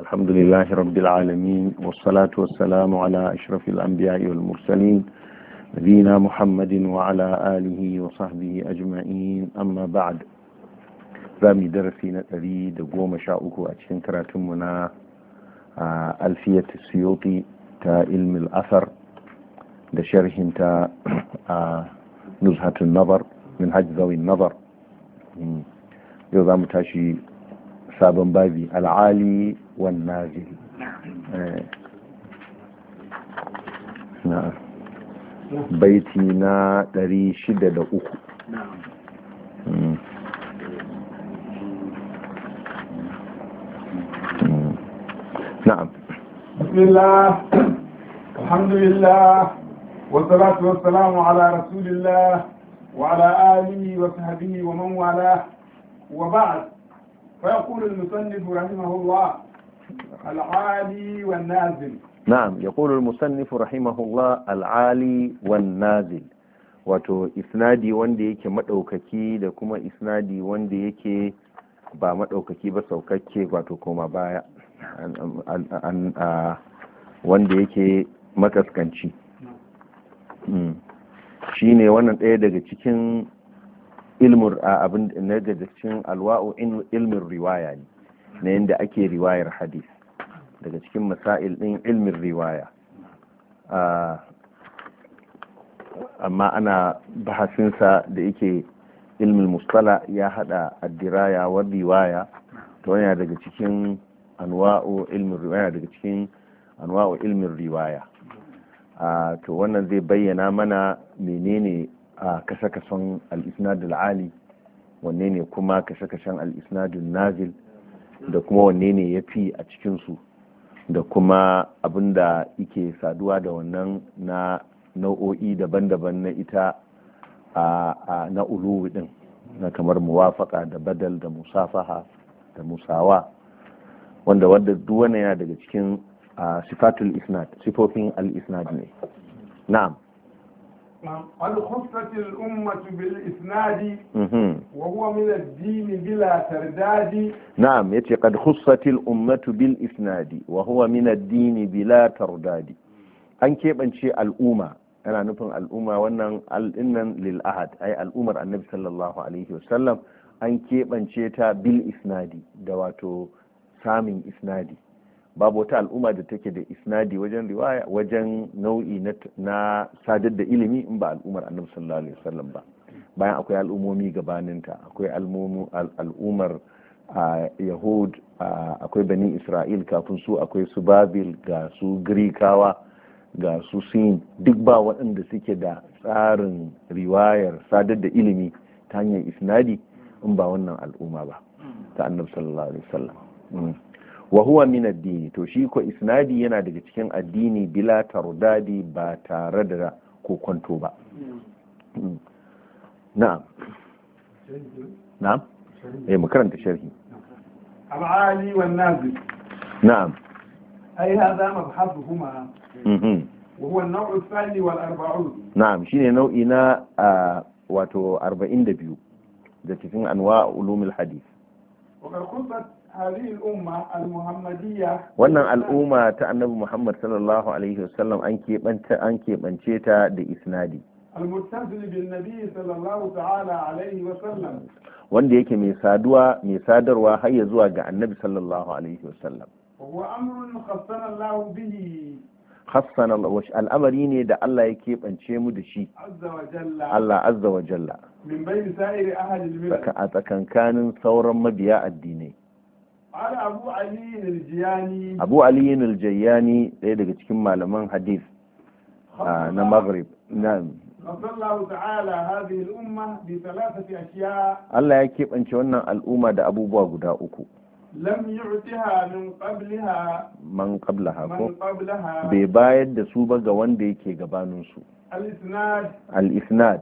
الحمد لله رب العالمين والصلاة والسلام على أشرف الأنبياء والمرسلين نبينا محمد وعلى آله وصحبه أجمعين أما بعد رامي درسينا الذي دقوم شاؤكو أتشين كراتمنا آه، ألفية السيوطي تا علم الأثر da sharhinta آه، نزهة النظر من min ذوي النظر nazar متاشي سابن بابي العالي والنازل نعم نعم بيتي نا داري شدة دا أخو نعم. نعم. نعم بسم الله الحمد لله والصلاة والسلام على رسول الله وعلى آله وصحبه ومن والاه وبعد فيقول المصنف رحمه الله العالي والنازل نعم يقول المصنف رحمه الله العالي والنازل wato isnadi wanda yake maɗaukaki da kuma isnadi wanda yake ba maɗaukaki ba saukakke wato koma baya wanda yake makaskanci shi ne wannan ɗaya daga cikin ilmur a abin na cikin alwa'u ilmin riwaya ne na yadda ake riwayar hadis daga cikin masail din ilmin riwaya amma ana bahasinsa da yake ilmin mustala ya hada addiraya wa riwaya to wani daga cikin anwa'u ilmin riwaya daga cikin anwa'u ilmin riwaya to wannan zai bayyana mana menene a kasa-kasan al’isnadul ali wanne ne kuma kasa-kasan al’isnadul nazil da kuma wanne ne ya fi a cikinsu da kuma abin da ike saduwa da wannan na nau'o'i daban-daban na ita a na uluwi din na kamar muwafaka da badal da musafaha da musawa wanda wadda duwane yana daga cikin sifatul isnad sifofin al-isnad ne na'am قد خصت الأمة بالإسناد وهو من الدين بلا ترداد نعم يتي قد خصت الأمة بالإسناد وهو من الدين بلا ترداد أن كيف أنشي الأمة أنا نفهم الأمة وأن الإنن للأحد أي الأمر النبي صلى الله عليه وسلم أن كيف أنشيتها بالإسناد دواتو سامي إسنادي babu wata al'umma da take da isnadi wajen riwaya wajen nau'i na sadar da ilimi in ba al'ummar annabi sallallahu alaihi wasallam ba bayan akwai al'ummomi gabaninta akwai al'ummar yahud akwai bani isra'il kafin su akwai su babil ga su grikawa ga su sin duk ba waɗanda suke da tsarin riwayar sadar da ilimi ta hanyar isnadi in ba wannan al'umma ba ta annabi sallallahu alaihi wasallam mm. wa huwa min addini to shi ko isnadi yana daga cikin addini bila tardadi ba tare da kwanto ba na'am na'am eh mu karanta sharhi abali ali wal nazil na'am ai hada mhm wa huwa an-naw' thani wal arba'un na'am shine nau'i na wato 42 da cikin anwa ulumul hadith wa qad wannan al'umma ta annabi muhammad sallallahu alaihi wasallam an keɓance an keɓance ta da isnadi wanda yake mai saduwa mai sadarwa har ya zuwa ga annabi sallallahu alaihi wasallam al'amari ne da Allah ya keɓance mu da shi Allah azza wa jalla a tsakankanin sauran mabiya addinai abu yin aljiyani ɗaya daga cikin malaman hadis ah, na maghrib Allah ya keɓance wannan al'umma da abubuwa guda uku lam yu'tiha min qablaha man qablaha ko bai bayar da su ba ga wanda yake gabanin su al-isnad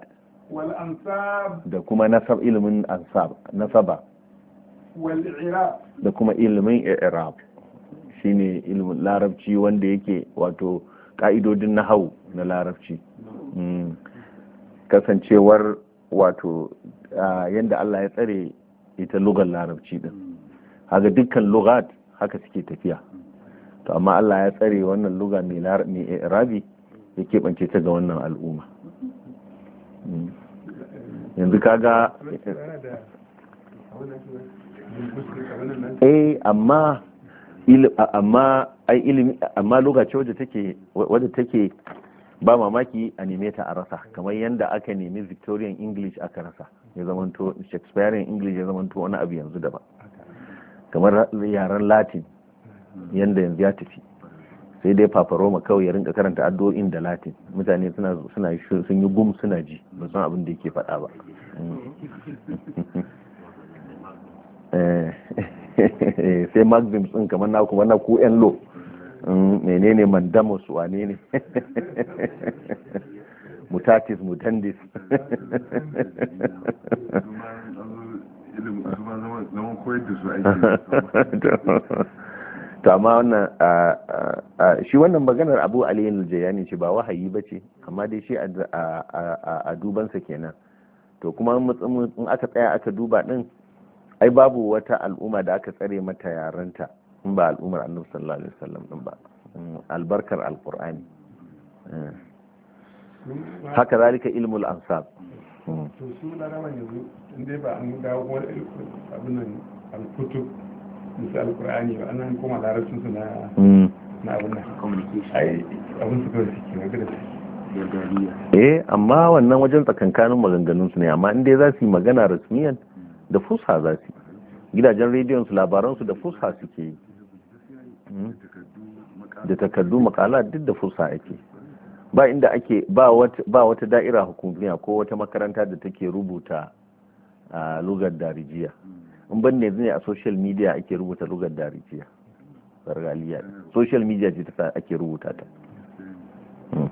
wal ansab da kuma nasab ilimin ansab nasaba da kuma ilimin i'rab shine ilimin larabci wanda yake wato ka'idodin nahau na larabci hmm. kasancewar wato yadda Allah ya tsare ita lugar larabci din haka dukkan lugat haka suke tafiya to amma Allah ya tsare wannan luga mai irabi ya keɓance ta ga wannan al'umma hmm. yanzu kaga eh amma amma ai ilimi amma lokaci wadda take wadda take ba mamaki a neme ta a rasa kamar yadda aka nemi victorian english aka rasa ya zamanto shakespearean english ya zamanto wani abu yanzu daban kamar yaren latin yadda yanzu ya tafi sai dai papa roma kawai ya rinka karanta addu'o'in da latin mutane suna sun yi gum suna ji ba san abin da yake faɗa ba mm. Eh. Eh, sai maxims din kamar na kuma na ku yan lo mm, menene mandamus wane ne mutatis mutandis to amma wannan shi wannan maganar abu aliyu jayani ce ba wahayi ba ce amma dai shi a dubansa kenan to kuma in aka tsaya aka duba din ai babu wata al'umma da aka tsare mata yarenta in ba al'ummar annabi sallallahu alaihi wasallam din ba mm, albarkar alqur'ani mm. haka zalika ilmul ansab mm. to su laraba yanzu inda ba an dawo wani abin alkutub musu alqur'ani ba an koma larabcin su na na abin nan communication ai abin su kawai suke na gada eh amma wannan wajen tsakankanin maganganun su ne amma inda za su yi magana rasmiyan da fusa za su gidajen rediyon su labaran su da fusa suke yi hmm? da takardu makala duk da fusa ake ba inda ake ba wata da'ira hukumiya ko wata makaranta da take rubuta a lugar darijiya in ban ne zai a social media ake rubuta lugar darijiya zargaliya social media ce ta ake rubuta ta hmm.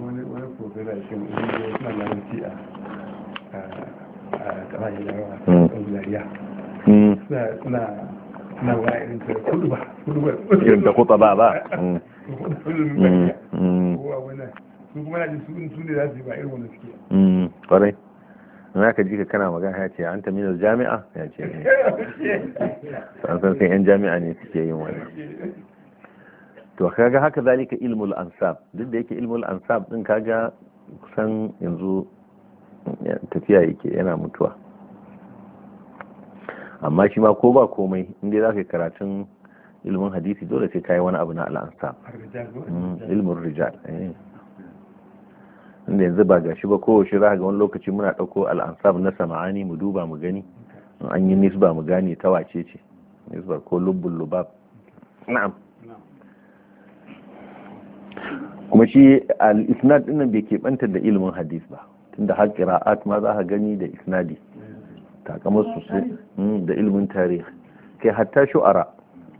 wani a na ba ba na na ka ji ka kana magana ya ce an ta minar jami'a ya ce ne an san sai yan jami'a ne suke yin wannan to kaga haka zalika ilmul ansab duk da yake ilmul ansab din kaga kusan yanzu tafiya yake yana mutuwa amma shi ma ko ba komai inda za ka yi karatun ilimin hadisi dole sai kayi wani abu na al'ansa mm, ilimin rijal eh. inda yanzu ba gashi ba kowace za ga wani lokaci muna ɗauko al'ansab na sama'ani mu duba mu gani an yi nisba mu gane ta wace ce nisba ko lubbul lubab na'am kuma shi al-isnad dinnan bai keɓanta da ilimin hadis ba tunda har qira'at ma za ka gani da isnadi takamar sosai, hmm, da ilimin tarihi kai hatta shu'ara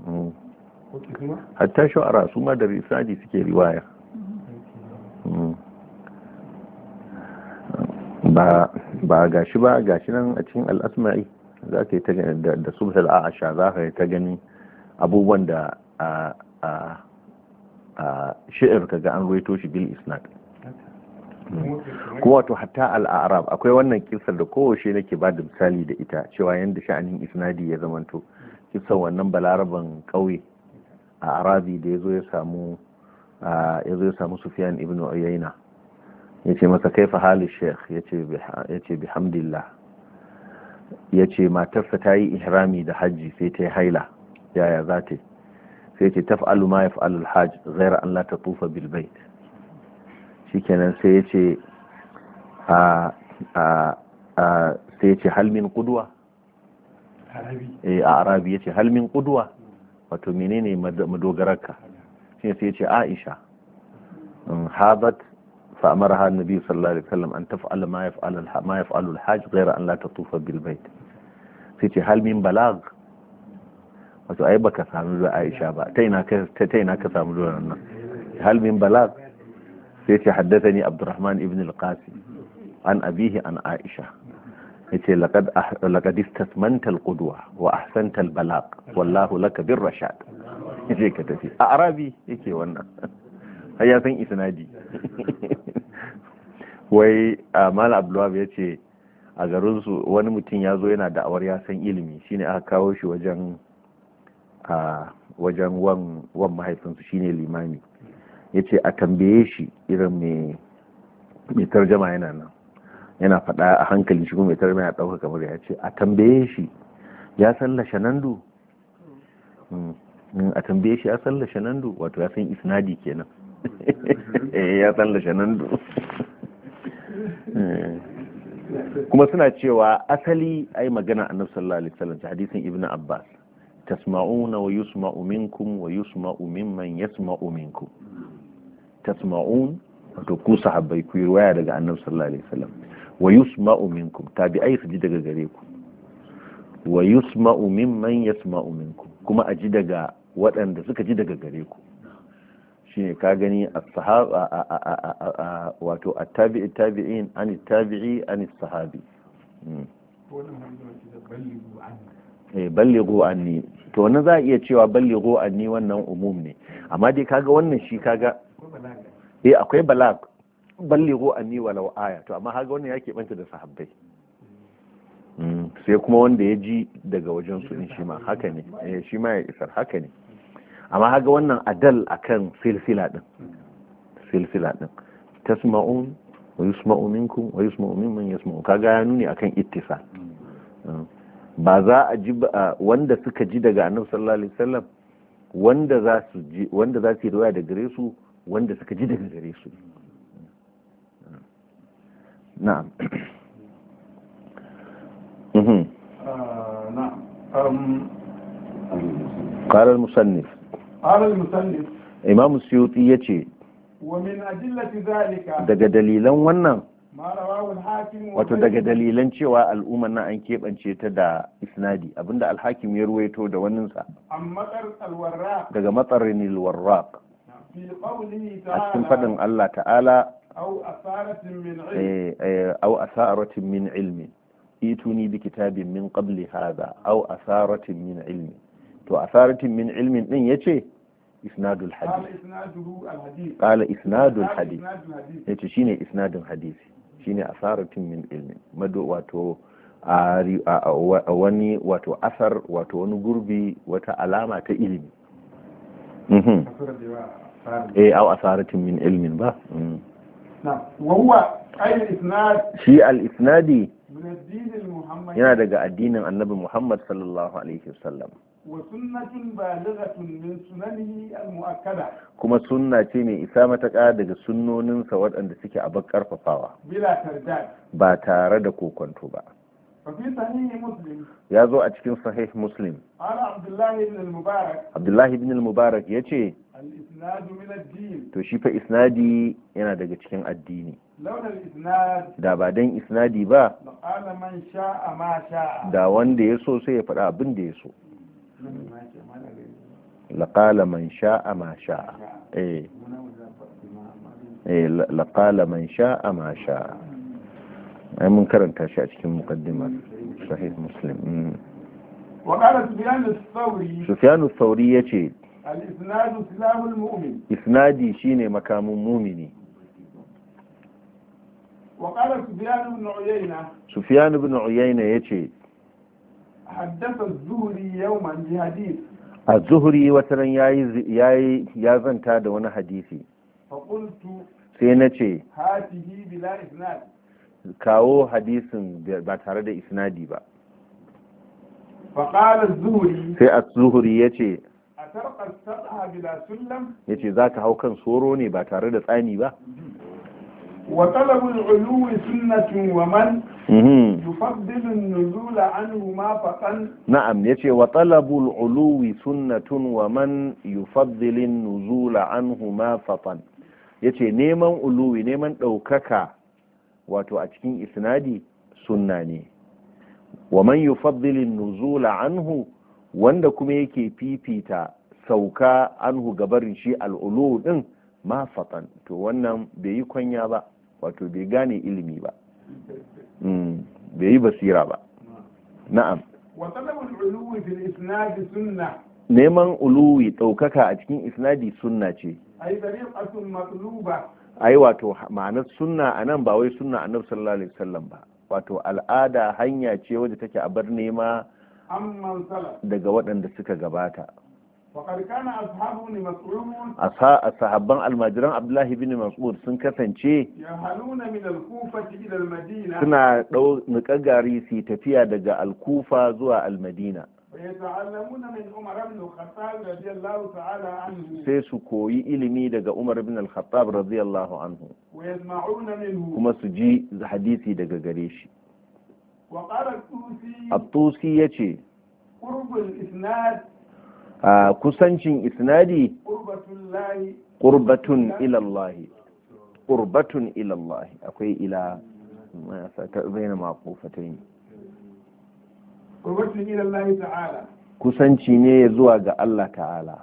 hmm. hatta shu'ara su ma da isnadi suke riwaya hmm. ba gashi ba gashi nan a cikin al'asma'i za ka yi ta gani da subhal a'asha za ka yi ta gani abubuwan da a shi'ir kaga an ruwaito shi bil isnadi kuma wato hatta al'arab akwai wannan kisar da kowace nake ba da misali da ita cewa yadda sha'anin isnadi ya zamanto kisar wannan balaraban ƙauye a arabi da ya zo ya samu ya zo ya samu sufiyan ibn uyayna ya ce masa kai halin sheikh ya ce bihamdillah ya ce matarsa ta yi ihrami da hajji sai ta yi haila yaya za ta sai ce taf'alu ma ya hajj ghayra an la tatufa bil bait shikenan sai ya ce a a a sai ya ce halmin kuduwa eh, a arabi ya ce halmin kuduwa wato menene madogararka shi sai ya ce aisha habat فأمرها النبي صلى الله عليه an tafi تفعل ma ya ما يفعل الحاج an أن لا تطوف بالبيت sai ce halmin balag? wato ai baka samu zuwa Aisha ba ta ina ka samu zuwa nan halmin balag sai ce haddathani abdurrahman ibn al qasi an abihi an aisha yace laqad ah, laqad istasmanta al-qudwa wa ahsanta al-balaq wallahu laka rashad. yace ka tafi a arabi yake wannan har ya san isnadi wai mal ya yace a garinsu wani mutum ya zo yana da'awar ya san ilimi shine aka kawo shi wajen a wajen wan mahaifinsu shine limami ya ce a tambaye shi irin mai tarjama yana nan yana faɗa a hankali shi kuma mai tarjama ya ɗauka kamar ya ce a tambaye shi ya san lashanandu hmm, a tambaye shi ya san lashanandu wato ya san isnadi kenan eh, ya san lashanandu eh, kuma suna cewa asali ai magana annabi sallallahu alaihi wasallam hadisin ibnu abbas tasma'una wa yusma'u minkum wa yusma'u mimman yasma'u minkum tasma'un wato ku sahabbai ku yi ruwaya daga annabi sallallahu alaihi wasallam wa yusma'u minkum tabi'ai su ji daga gare ku wa yusma'u mimman yasma'u minkum kuma a ji daga waɗanda suka ji daga gare ku shine ka gani as-sahaba wato at-tabi'i tabi'in an tabi'i an sahabi hmm. eh ballighu anni to wannan za a iya cewa ballighu anni wannan umum ne amma dai kaga wannan shi kaga eh akwai balag go ani walau aya to amma haka wannan ya banta da sahabbai mm, sai kuma wanda ya ji daga wajen su din shi ma haka ne eh shi ma ya isar haka ne amma haka wannan adal akan silsila din silsila din tasma'un wa yusma'u minkum wa yusma'u mimman yasma'u kaga ya nuni akan ittisal mm. ba za a ji ah, wanda suka ji daga annabi sallallahu alaihi wasallam wanda za su ji wanda za su riwaya da gare su wanda suka ji daga gare su na'am قال المصنف قال المصنف إمام السيوطي يتي ومن أدلة ذلك دقى wato daga dalilan cewa al'ummar na an keɓance ta da isnadi abinda alhakim ya ruwaito da waninsa daga matsarin warraq a cikin faɗin Allah ta'ala au asaratin min ilmi ituni bi kitabin min qabli hadha au asaratin min ilmi to asaratin min ilmi din yace isnadul hadith qala isnadul hadith yace shine isnadul hadith shine asaratin min ilmi madu wato wani wato asar wato wani gurbi wata alama ta ilimi eh au asaratin min ilmin ba shi al-isnadi yana daga addinin annabi Muhammad sallallahu alaihi wasallam kuma sunna ce mai isa mataƙa daga sunnoninsa waɗanda suke abin ƙarfafawa ba tare da kokonto ba ya zo a cikin sahih muslim abdullahi ibn al-mubarak ya ce to shi fa isnadi yana daga cikin addini da ba don isnadi ba da wanda ya so sai ya faɗa abin da ya so laƙala man sha'a ma sha'a eh, eh laƙala man sha'a ma sha'a ai mun karanta shi a cikin muqaddimar sahih muslim وقال سفيان الثوري سفيان الثوري يجي isnadi shine makamin mumini وقال سفيان بن عيينة سفيان بن عيينة يتي حدث الزهري يوما الزهري da wani hadisi فقلت sai nace hatihi kawo hadisin ba tare da isnadi ba فقال الزهري sai az-zuhri yace ya ce za ka hau kan soro ne ba tare da tsani ba wa al uluwi sunnatun wa man mhm. an-nuzul anhu ma faqan na'am yace wa al uluwi sunnatun wa man an-nuzul anhu ma faqan yace neman uluwi neman daukaka wato a cikin isnadi sunna ne wa man an-nuzul anhu wanda kuma yake fifita sauka anhu gabarin shi al'ulu din ma fatan to wannan bai yi kwanya ba wato bai gane ilimi ba mm, bai yi basira ba na'am neman uluwi ɗaukaka a cikin isnadi sunna ce yi wato ma'anar sunna a nan ba wai sunna a nan sallallahu alaihi wasallam ba wato al'ada hanya ce wadda take a bar nema daga waɗanda suka gabata a sahabban almajiran abdullahi bin mas'ud sun kasance suna ɗau niƙa gari su tafiya daga alkufa zuwa almadina sai su koyi ilimi daga umar bin al-khattab radiyallahu anhu kuma su ji hadisi daga gare shi abtusi ya ce kusancin isnadi qurbatun ilallahi qurbatun ilallahi akwai ila baina maqufatayn qurbatun ilallahi ta'ala kusanci ne zuwa ga Allah ta'ala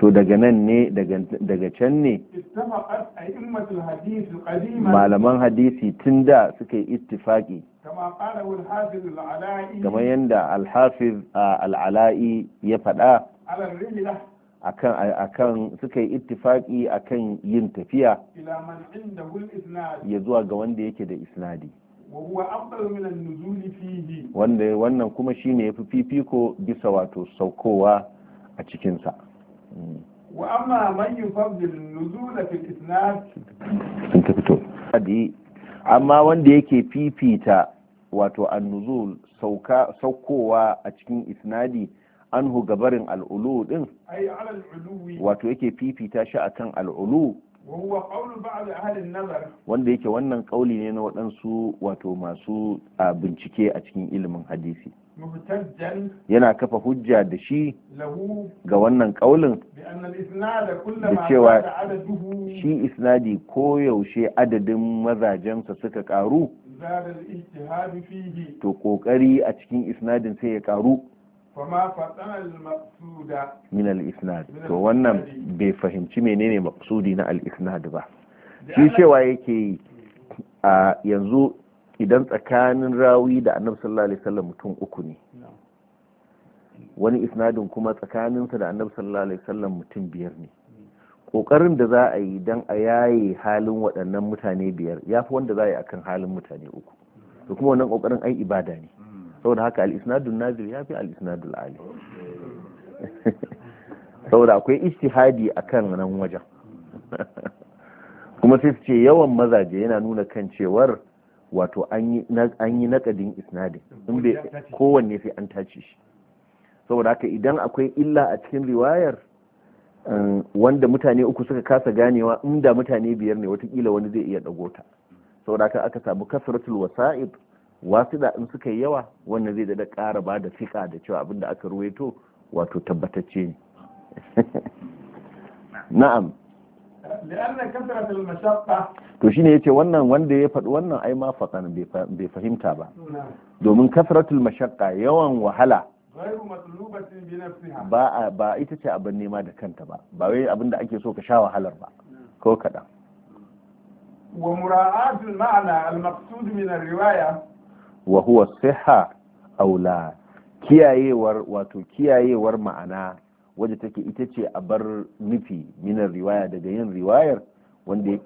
to daga nan ne daga can ne malaman hadisi tun da suka yi ittifaki kamar yadda alhafiz al'ala'i ya faɗa akan suka yi ittifaki akan yin tafiya ya zuwa ga wanda yake da isnadi wanda wannan kuma shine ya fi fifiko bisa wato saukowa a cikinsa wa amma man yufaddil nuzula fil isnad sun ta fito amma wanda yake fifita wato nuzul sauka saukowa a cikin isnadi anhu gabarin al'ulu din wato yake fifita shi akan al'ulu wanda yake wannan kauli ne na waɗansu wato masu bincike a cikin ilimin hadisi yana kafa hujja da shi ga wannan kaulin da cewa shi isnadi yaushe adadin mazajensa suka karu to kokari a cikin isnadin sai ya karu min al-isnad to wannan bai fahimci menene maksudi na al-isnad ba shi cewa yake a yanzu idan tsakanin rawi da annabi sallallahu alaihi wasallam mutum uku ne wani isnadin kuma tsakaninsa da annabi sallallahu alaihi wasallam mutum biyar ne kokarin da za a yi dan a yaye halin waɗannan mutane biyar ya fi wanda za a yi akan halin mutane uku to kuma wannan kokarin ai ibada ne saboda haka al-isnadun nazil ya fi al-isnadul ali saboda akwai ijtihadi akan nan wajen kuma sai su ce yawan mazaje yana nuna kan cewar wato an yi nakadin isnadin in bai kowanne sai an tace shi saboda haka idan akwai illa a cikin riwayar um, wanda mutane uku suka kasa ganewa inda mutane biyar ne watakila wani zai iya dago ta saboda haka aka samu kasratul wasa'id da in suka yi yawa wannan zai dada ƙara ba da fika da cewa abinda aka ruwaito wato tabbatacce ne na'am to shine yace wannan wanda ya faɗi wannan ai ma faqan bai fahimta ba domin kasratul mashaqqa yawan wahala ba ba ita ce abin nema da kanta ba ba wai abin da ake so ka sha wahalar ba ko kaɗan wa mura'atul ma'ana al-maqsud min ar-riwaya wa huwa sihha aw la kiyayewar wato kiyayewar ma'ana wadda take ita ce a bar nufi minar riwaya daga yin riwayar wanda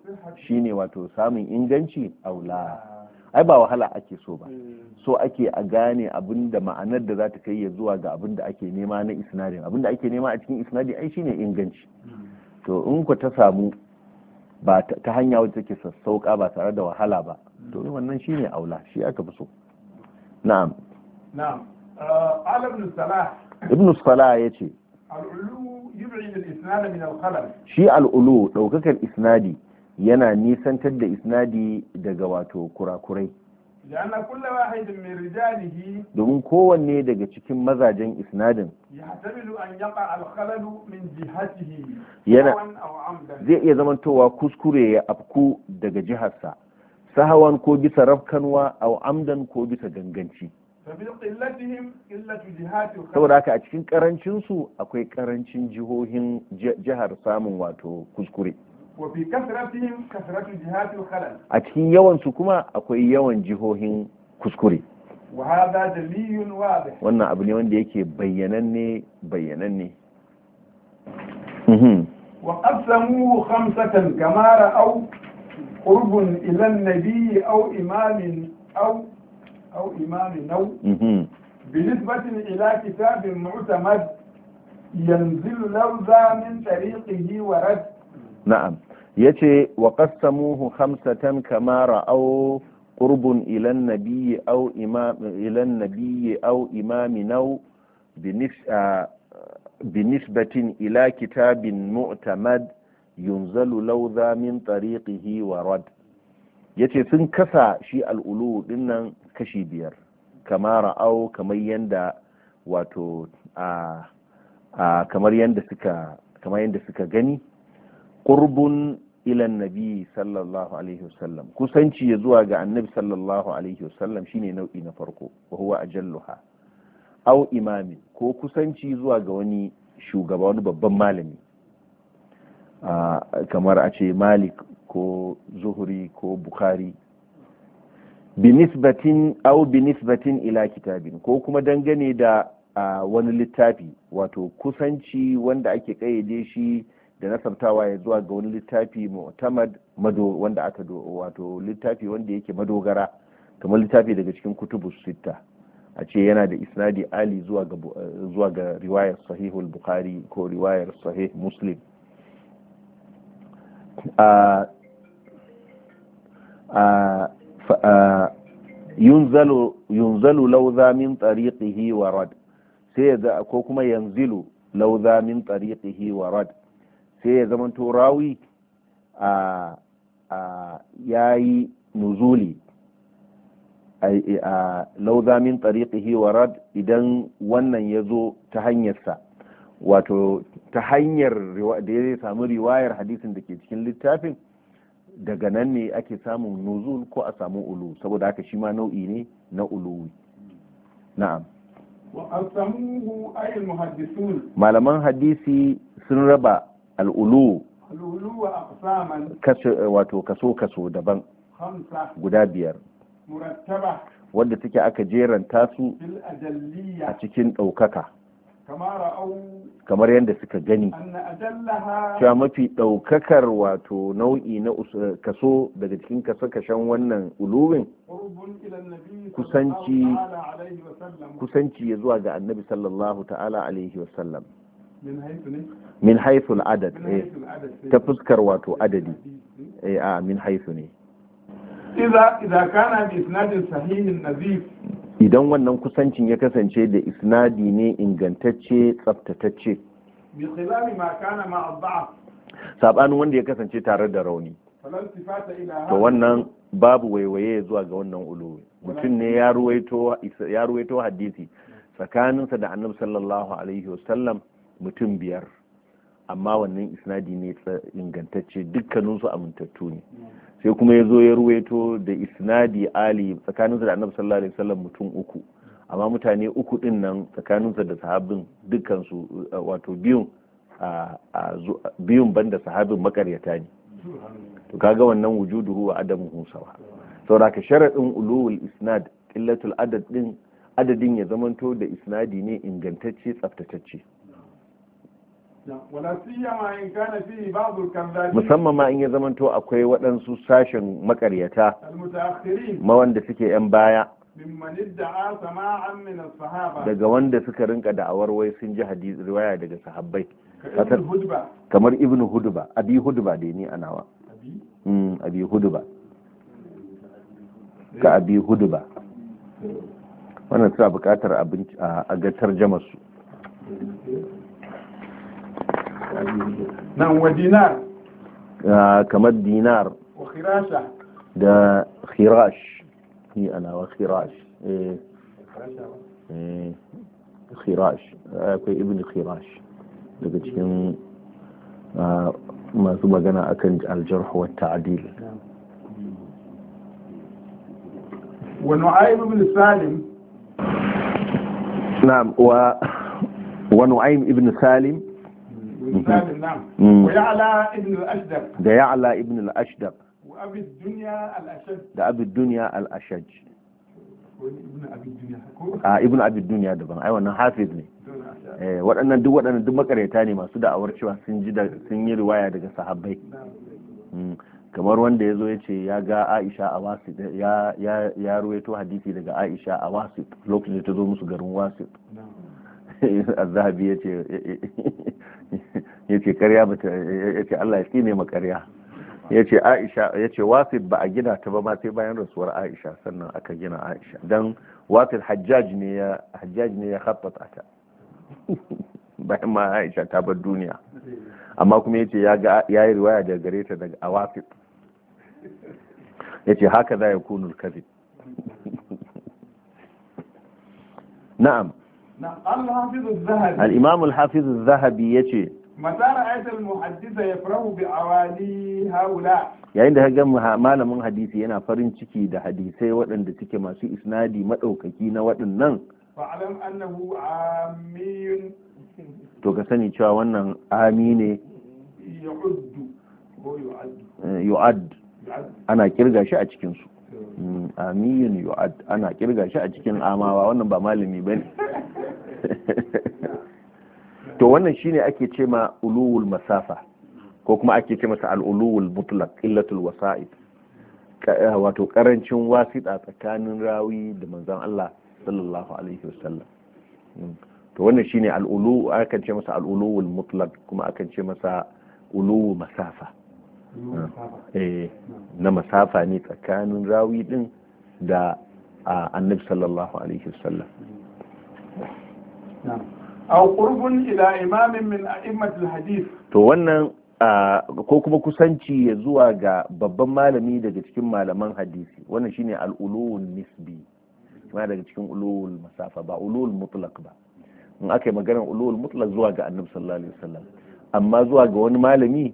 shine wato samun inganci a wula? ai ba wahala ake so ba so ake a gane abin da ma'anar da za ta kai ya zuwa ga abin da ake nema na isnadin abin da ake nema a cikin isnadi ai shine inganci to in ku ta samu ba ta hanya wacce take sassauka ba tare da wahala ba to wannan shine aula shi aka fi so na'am na'am uh, ibn salah ibn salah yace shi al'ulu ɗaukakar isnadi yana nisantar da isnadi daga wato kurakurai domin kowanne daga cikin mazajen isnadin yana zai iya zamantowa kuskure ya afku daga jiharsa sahawan ko bisa rafkanwa a amdan ko bisa ganganci saboda haka a cikin karancinsu akwai karancin jihohin jihar samun wato kuskure a cikin yawansu kuma akwai yawan jihohin kuskure wannan abu ne wanda yake bayyananne bayyananne mhm. وقسموه خمسة كما رأوا قرب إلى النبي أو إمام أو أو إمام نو بالنسبة إلى كتاب معتمد ينزل لوزا من طريقه ورد نعم يتي وقسموه خمسة كما رأوا قرب إلى النبي أو إمام إلى النبي أو إمام نو آه، بنسبة إلى كتاب معتمد ينزل لوذا من طريقه ورد يتي سن كسا شيء الألو إنن kashi biyar kamar au kamar yanda wato a kamar yanda suka kamar yanda suka gani qurbun ila nabi sallallahu alaihi wasallam kusanci ya zuwa ga annabi sallallahu alaihi wasallam shine nau'i na farko wa huwa ajalluha au imami ko kusanci zuwa ga wani shugaba wani babban malami kamar a ce malik ko zuhuri ko bukhari binisbatin au binisbatin ila kitabin ko kuma dangane da a wani littafi wato kusanci wanda ake kayyade shi da nasabtawa ya zuwa ga wani littafi mu'tamad mado wanda aka wato littafi wanda yake madogara kamar littafi daga cikin kutubu sitta a ce yana da isnadi ali zuwa ga zuwa ga riwayar sahihul bukhari ko riwayar sahih muslim a yunzalu lauza min tariqihi wa rad sai ya ko kuma yanzilu lauza min tariqihi wa rad sai ya zama to rawi a yayi nuzuli e, lauza min tariqihi wa rad idan wannan ya zo ta hanyarsa wato ta hanyar da ya samu riwayar hadisin da ke cikin littafin daga nan ne ake samun nuzul ko a samu ulu saboda haka shi ma nau'i ne na uluwi na'am malaman hadisi sun raba al'ulu wato kaso kaso daban guda biyar wadda take aka jeranta su a cikin ɗaukaka kamar yadda suka gani cewa mafi ɗaukakar wato nau'i na eh, kaso daga cikin kaso kashen wannan uluwin kusanci kusanci ya zuwa ga annabi sallallahu ta'ala alaihi wasallam min haifun adad eh, eh. ta fuskar wato adadi a min haifu ne إذا كان بإسناد sahihin nazif. idan wannan kusancin ya kasance da isnadi ne ingantacce tsaftatacce sabanin wanda ya kasance tare da rauni to wannan babu waiwaye zuwa ga wannan ulu mutum ne ya ruwaito hadisi tsakaninsa da annabi sallallahu alaihi wasallam mutum biyar amma wannan isnadi ne ingantacce dukkaninsu amintattu ne hmm. sai kuma ya zo ya ruwaito da isnadi ali tsakaninsa da annabi sallallahu alaihi wasallam mutum uku amma mutane uku din nan tsakaninsa da sahabin dukkansu uh, wato biyun biyun banda sahabin makaryata ne to kaga wannan wujuduhu wa adamu husawa saboda ka sharadin ulul isnad qillatul adad din adadin ya zamanto da isnadi ne ingantacce tsaftatacce musamman ma in ya zamanto akwai waɗansu sashen makaryata mawanda suke 'yan baya daga wanda suka rinka da'awar wai sun ji hadisi riwaya daga sahabbai kamar ibn hudba abi hudba da ni a nawa hmm, abi hudba ka abi hudba wannan suna buƙatar a ga tarjamar su نعم ودينار آه، كما الدينار وخراشة ده خراش هي أنا وخراش إيه. إيه. خراش إيه. أكوي ابن خراش لكن آه، ما سبقنا أكن الجرح والتعديل نعم. ونعيم بن سالم نعم و... ونعيم ابن سالم da ya ala ibn al-ashdaq da abin duniya al-ashaj a ibn abin duniya daban ai wannan hafiz ne waɗannan duk waɗannan duk makareta ne masu da'awar cewa sun ji sun yi riwaya daga sahabbai kamar wanda ya zo ya ce ya ga aisha a wasit ya ruwaito hadisi daga aisha a wasit lokacin da ta zo musu garin wasit a zahabi ya ce ya ce karya ba ta ya ce Allah ya kine ma karya ya ce Aisha ya ce ba a gina ta ba ma sai bayan rasuwar Aisha sannan aka gina Aisha dan Wasid Hajjaj ne ya Hajjaj ne ya khaffata ta bayan ma Aisha ta bar duniya amma kuma yace ya ga yayi riwaya daga gare ta daga Awafid yace haka za ya kunu kadhib na'am al-Imam al-Hafiz al-Zahabi yace mata ra'aytul muhaddisa yafrahu bi awali haula yayin da ga malamin hadisi yana farin ciki da hadisai waɗanda suke masu isnadi madaukaki na waɗannan fa'alam annahu amin to ka sani cewa wannan ami ne yu'ad eh, ana kirga shi a cikin su mm, amin yu'ad ana kirga shi a cikin amawa wannan ba malami bane to wannan shine ake ce ma uluwul masafa ko kuma ake ce masa al'uluwul mutlaq illatul wasa'id eh, wato karancin wasita tsakanin rawi da manzon Allah sallallahu alaihi wasallam hmm. to wannan shine al'ulu akan ce masa al'uluwul mutlaq kuma akan ce masa uluwu masafa hmm. eh hmm. na masafa ne tsakanin rawi din da ah, annabi sallallahu alaihi wasallam na'am aw qurbun ila imamin min a'immatil hadith to wannan ko kuma kusanci ya zuwa ga babban malami daga cikin malaman hadisi wannan shine al-ulul nisbi kuma daga cikin ulul masafa ba ulul mutlaq ba in aka yi maganar ulul mutlaq zuwa ga annabi sallallahu alaihi wasallam amma zuwa ga wani malami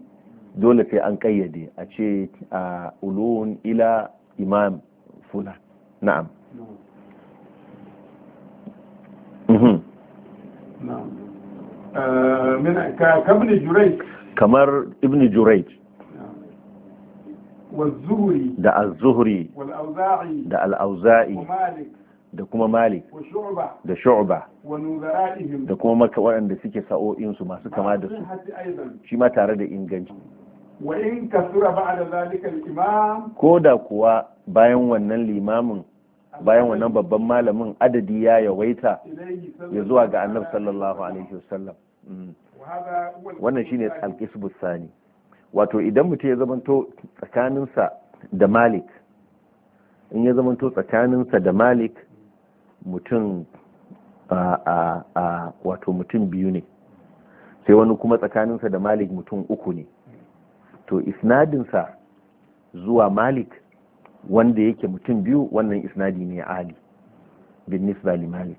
dole sai an kayyade a ce a ulun ila imam fula na'am kamar ibn jurayj da al zuhri da al-auza'i da kuma malik da shu'ba da kuma maka waɗanda suke sa'o'insu masu kama da su shi ma tare da inganci ko da kuwa bayan wannan limamin bayan wannan babban malamin adadi ya yawaita ya zuwa ga annabi sallallahu alaihi wasallam mm. wannan shine alqisbu sani wato idan mutum ya zamanto tsakaninsa da malik in ya zamanto tsakaninsa da malik mutum a a wato mutum biyu ne sai wani kuma tsakaninsa da malik mutum uku ne to isnadinsa zuwa malik wanda yake mutum biyu wannan isnadi ne ali bin nisba li malik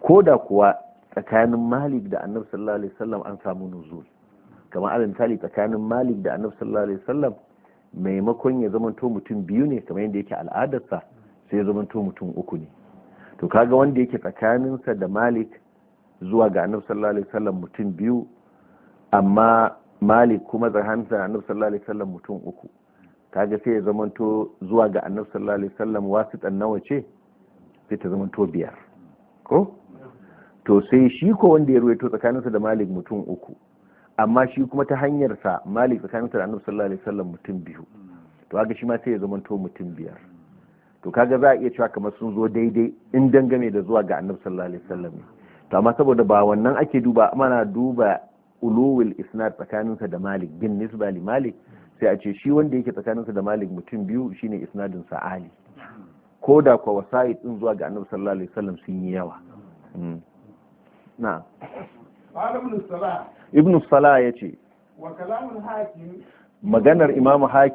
ko da kuwa tsakanin malik da annab sallallahu alaihi wasallam an samu nuzul kamar alal misali tsakanin malik da annab sallallahu alaihi wasallam maimakon ya zamanto mutum biyu ne kamar yadda yake al'adarsa sai ya zamanto mutum uku ne to kaga wanda yake tsakaninsa da malik zuwa ga annab sallallahu alaihi wasallam mutum biyu amma malik kuma tsakaninsa annab sallallahu alaihi wasallam mutum uku kaga sai ya zamanto zuwa ga annabi sallallahu alaihi wasallam wasitan nawa ce sai ta zamanto biyar ko to sai shi ko wanda ya ruwaito tsakaninsa da malik mutum uku amma shi kuma ta hanyar sa malik tsakaninsa da annabi sallallahu alaihi wasallam mutum biyu to kaga shi ma sai ya zamanto mutum biyar to kaga za a iya cewa kamar sun zo daidai in dangane da zuwa ga annabi sallallahu alaihi wasallam to amma saboda ba wannan ake duba amma na duba uluwil isnad tsakaninsa da malik bin nisba li malik sai a ce shi wanda yake tsakaninsa da malik mutum biyu shine isnadin sa ali ko da kwa wasa'i din zuwa ga annabi sallallahu alaihi wasallam sun yi yawa hmm. na ibn salah ya ce maganar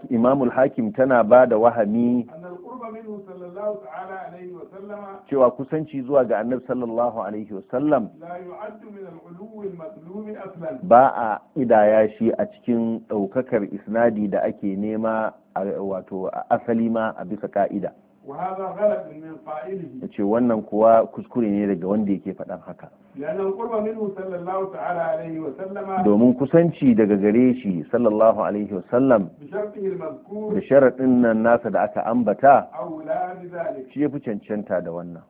imamul hakim tana ba da wahami cewa kusanci zuwa ga annabi sallallahu alaihi wasallam ba a idaya shi a cikin ɗaukakar isnadi da ake nema wato asali ma a bisa ka'ida ya ce wannan kuwa kuskure ne daga wanda yake faɗan haka domin kusanci daga gare shi sallallahu alaihi wasallam da sharaɗin nan nasa da aka ambata shi ya fi cancanta da wannan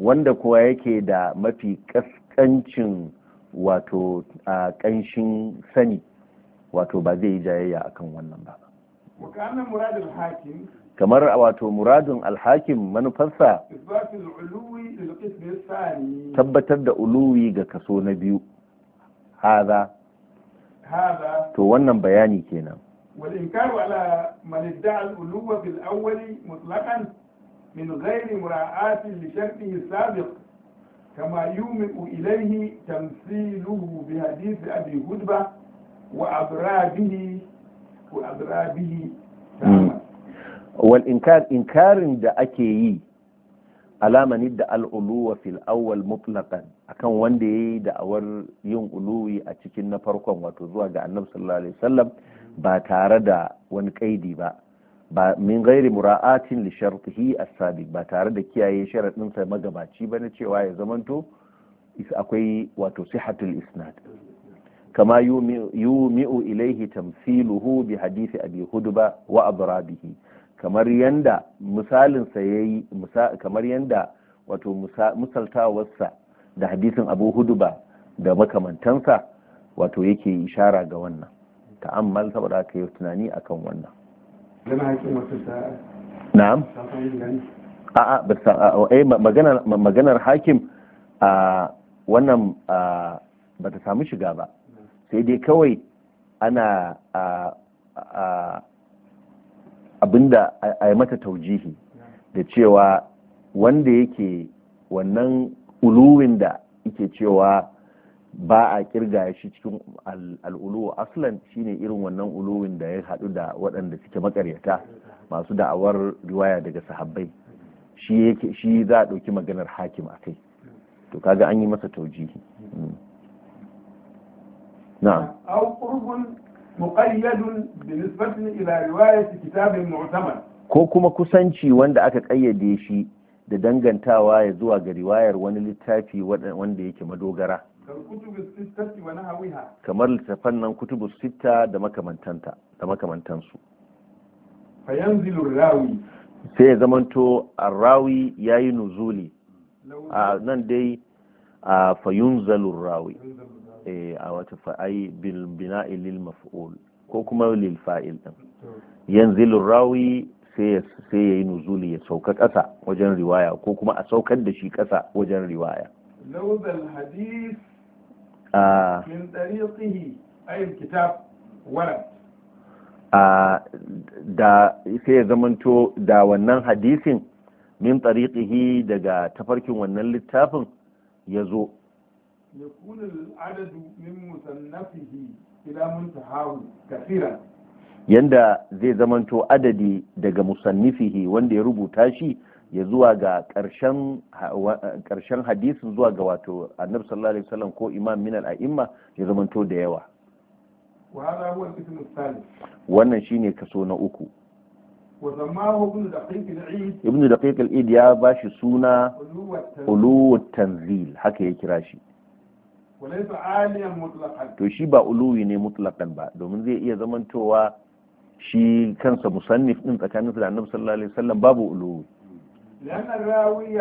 wanda kuwa yake da mafi kaskancin wato a ƙanshin sani wato ba zai yi jayayya akan wannan ba kamar wato muradun alhakim manufarsa tabbatar da uluwi ga kaso na biyu haza to wannan bayani kenan والإنكار على من ادعى الألوة في الأول مطلقا من غير مراعاة لشرطه السابق كما يومئ إليه تمثيله بحديث أبي هدبة وأضرابه hmm. wal والإنكار إنكار دا da al'uluwa fil awwal akan wanda ya yi da'awar yin uluwi a cikin na farkon wato zuwa ga annabu sallallahu alaihi wasallam ba tare da wani ƙa'idi ba ba min gairi mura'atin lisharfihi a sabi ba tare da kiyaye sharaɗinsa magabaci ba na cewa ya zamanto akwai wato sihatul isnad kama ilaihi tamsiluhu bi hadisi abi hudba wa abrabihi kamar yanda misalin sa yayi kamar yanda wato musaltawarsa da hadisin abu hudba da makamantansa wato yake ishara ga wannan ta'ammal saboda ka yi tunani akan wannan na'am eh, maganar hakim a wannan ba ta samu shiga ba sai dai kawai ana abinda a yi mata taujihi da cewa wanda yake wannan uluwin da yake cewa ba a kirga shi cikin al'uluwa aslan shine irin wannan uluwin da ya haɗu da waɗanda suke makaryata masu da'awar riwaya daga sahabbai shi za a ɗauki maganar hakim a kai to kaga an yi masa taujihi hmm. نعم أو قرب مقيد بالنسبة إلى رواية كتاب معتمد ko kuma kusanci wanda aka ƙayyade shi da dangantawa ya zuwa ga riwayar wani littafi wanda yake madogara kamar littafan nan kutubu sita da makamantanta da makamantansu sai ya zamanto arrawi ya yi nuzuli a nan dai a fayunzalur rawi Eh, a wata fa'ai bil bina'i lil maf'ul ko kuma lil fa'il din hmm. yanzilu rawi sai ya yi nuzuli ya sauka ƙasa wajen riwaya ko kuma a saukar da shi ƙasa wajen riwaya lauzal hadis min tsariƙihi ayin kitab wala da sai ya zamanto da wannan hadisin min tsariƙihi daga tafarkin wannan littafin ya zo يكون العدد من مصنفه إلى منتهاه كثيرا yanda zai zamanto adadi daga musannifihi wanda ya rubuta shi ya zuwa ga ƙarshen hadisin zuwa ga wato annabi sallallahu alaihi wasallam ko imam min al-a'imma ya zamanto da yawa wannan shine kaso na uku ibnu daqiq al-id ya bashi suna uluwat tanzil haka ya kira shi to shi ba uluwi ne mutlaqan ba domin zai iya zamantowa shi kansa musannif din tsakaninsa da annabi sallallahu alaihi wasallam babu uluwi لأن الراوي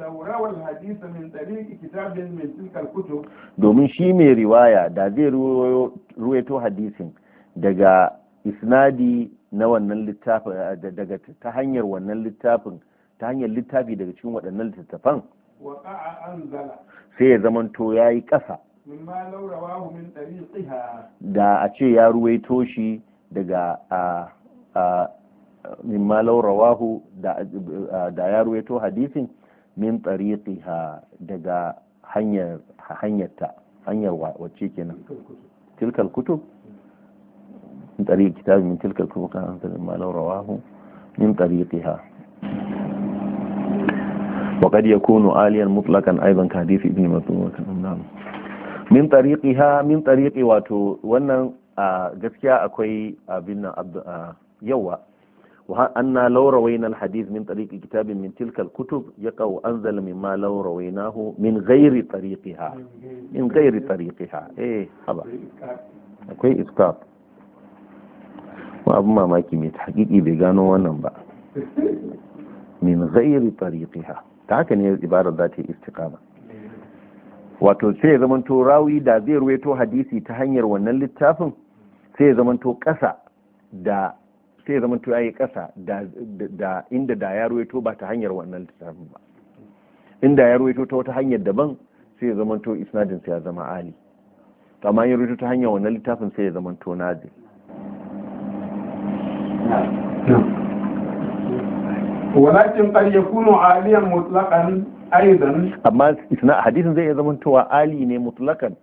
لو روى الحديث من kitabin كتاب من تلك الكتب domin shi mai riwaya da zai ruwayo hadisin daga isnadi na wannan littafin daga ta hanyar wannan littafin ta hanyar littafi daga cikin waɗannan littattafan sai ya zamanto ya yi ƙasa da a ce ya ruwaito shi daga a mimma laurawahu da ya ruwaito hadisin min tsariƙiha daga hanyarta hanyar wacce kenan tilkal kutub min tsariƙi kitabin min tilkal kutub kan hanzar mimma laurawahu min tsariƙiha وقد يكون عاليا مطلقا ايضا كحديث ابن مسعود نعم من طريقها من طريق واتو wannan gaskiya akwai abin nan yawa wa anna law rawayna al hadith min tariq kitab min tilka al kutub yaqa anzal mimma law rawaynahu min ghairi tariqiha min ghairi tariqiha eh haba akwai iskaf wa abu mamaki mai tahqiqi bai gano wannan ba min ghairi tariqiha ta haka ne ibarar za ta yi istiqama wato sai ya to rawi da zai ruwaito hadisi ta hanyar wannan littafin sai ya to ƙasa da sai ya zamanto ya yi ƙasa da inda da ya ruwaito ba ta hanyar wannan littafin ba inda ya ruwaito ta wata hanyar daban sai ya to isnadin sai ya zama ali to amma ya ruwaito ta hanyar wannan littafin sai ya to nazil walakin qad yakunu aliyan mutlaqan aidan amma isna hadisin zai zama towa ali ne mutlaqan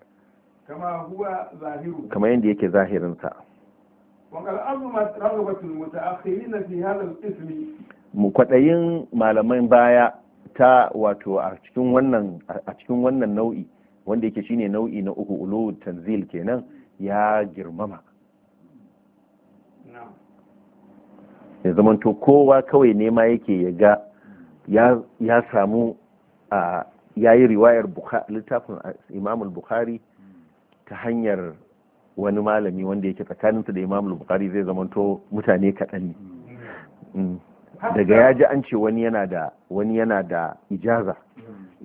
kama huwa zahiru kama yanda yake zahirin sa wakal azumat raghabatul muta'akhirin fi hadha al-ism mu kwadayin malaman baya ta wato a cikin wannan nau'i wanda yake shine nau'i na uku ulu tanzil kenan ya girmama ya zamanto kowa kawai nema yake ya ga ya samu ya yi riwayar littafin imamul bukhari ta hanyar wani malami wanda yake tsakaninsa da imamul bukhari zai zamanto mutane kaɗan ne mm. daga ya ji an ce wani yana da wani yana da ijaza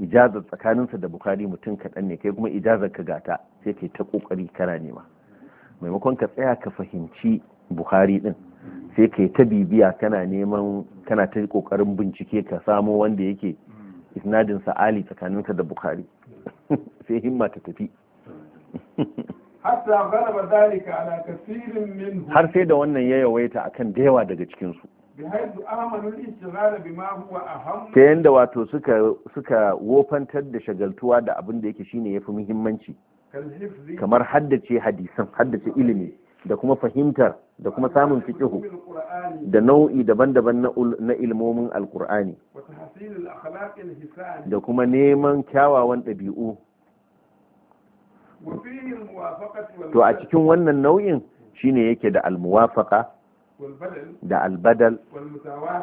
ijaza tsakaninsa da bukhari mutum kaɗan ne kai kuma ijaza ka gata sai kai ta ƙoƙari kana nema maimakon ka tsaya ka fahimci bukhari ɗin sai kai ta bibiya kana neman kana ta kokarin bincike ka samo wanda yake isnadin sa'ali tsakaninsa da bukhari sai himma ta tafi har sai da wannan ya yawaita akan da yawa daga cikinsu ta yadda wato suka wofantar da shagaltuwa da abin da yake shine ya fi muhimmanci kamar haddace hadisan haddace ilimi da kuma fahimtar da kuma samun fiqihu da nau'i daban-daban na ilmomin alkur'ani da kuma neman kyawawan ɗabi'u to a cikin wannan nau'in shine yake da almuwafaka da albadal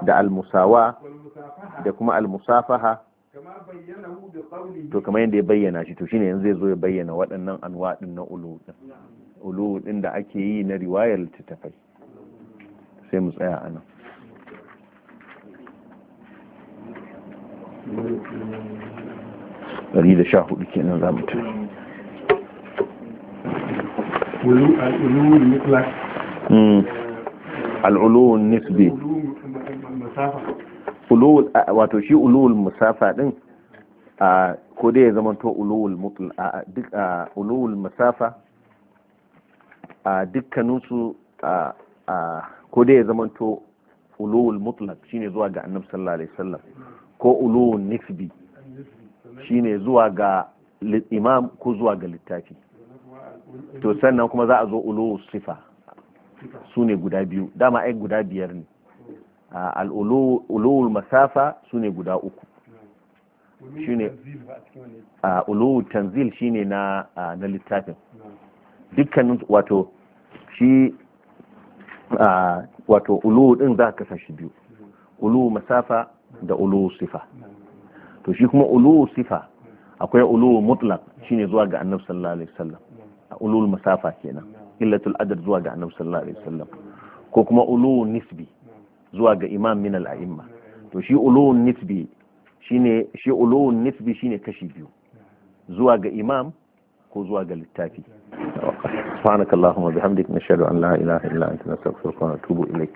da almusawa da kuma almusafaha to kamar yadda ya bayyana shi to shine yanzu zai zo ya bayyana waɗannan anwaɗin na ulu ulu din da ake yi na riwayar littattafai sai mu tsaya a nan ɗari da sha hudu kenan za mu tafi hmm. al'ulowun nisbi wato shi ulowul musafa din ko dai ya zama to ulowul mutul duk a ulowul musafa a dukkaninsu a ko dai ya zamanto ulowul mutlak shine zuwa ga annabi sallallahu alaihi wasallam ko ulowul nisbi shine zuwa ga imam ko zuwa ga littafi to sannan kuma za a zo ulowul sifa su ne guda biyu dama ai guda biyar ne al'ulowul masafa su ne guda uku shine ulowul tanzil shine na littafin dukkanin wato shi wato ulu din za ka kasa shi biyu ulu masafa da ulu sifa to shi kuma ulu sifa akwai ulu mutlaq shine zuwa ga annabi sallallahu alaihi wasallam ulu masafa kenan illatul adad zuwa ga annabi sallallahu alaihi wasallam ko kuma ulu nisbi zuwa ga imam min al a'imma to shi ulu nisbi shine shi ulu nisbi shine kashi biyu zuwa ga imam ko zuwa ga littafi subhanakallahumma bihamdika nashhadu an la ilaha illa anta nastaghfiruka wa natubu ilayk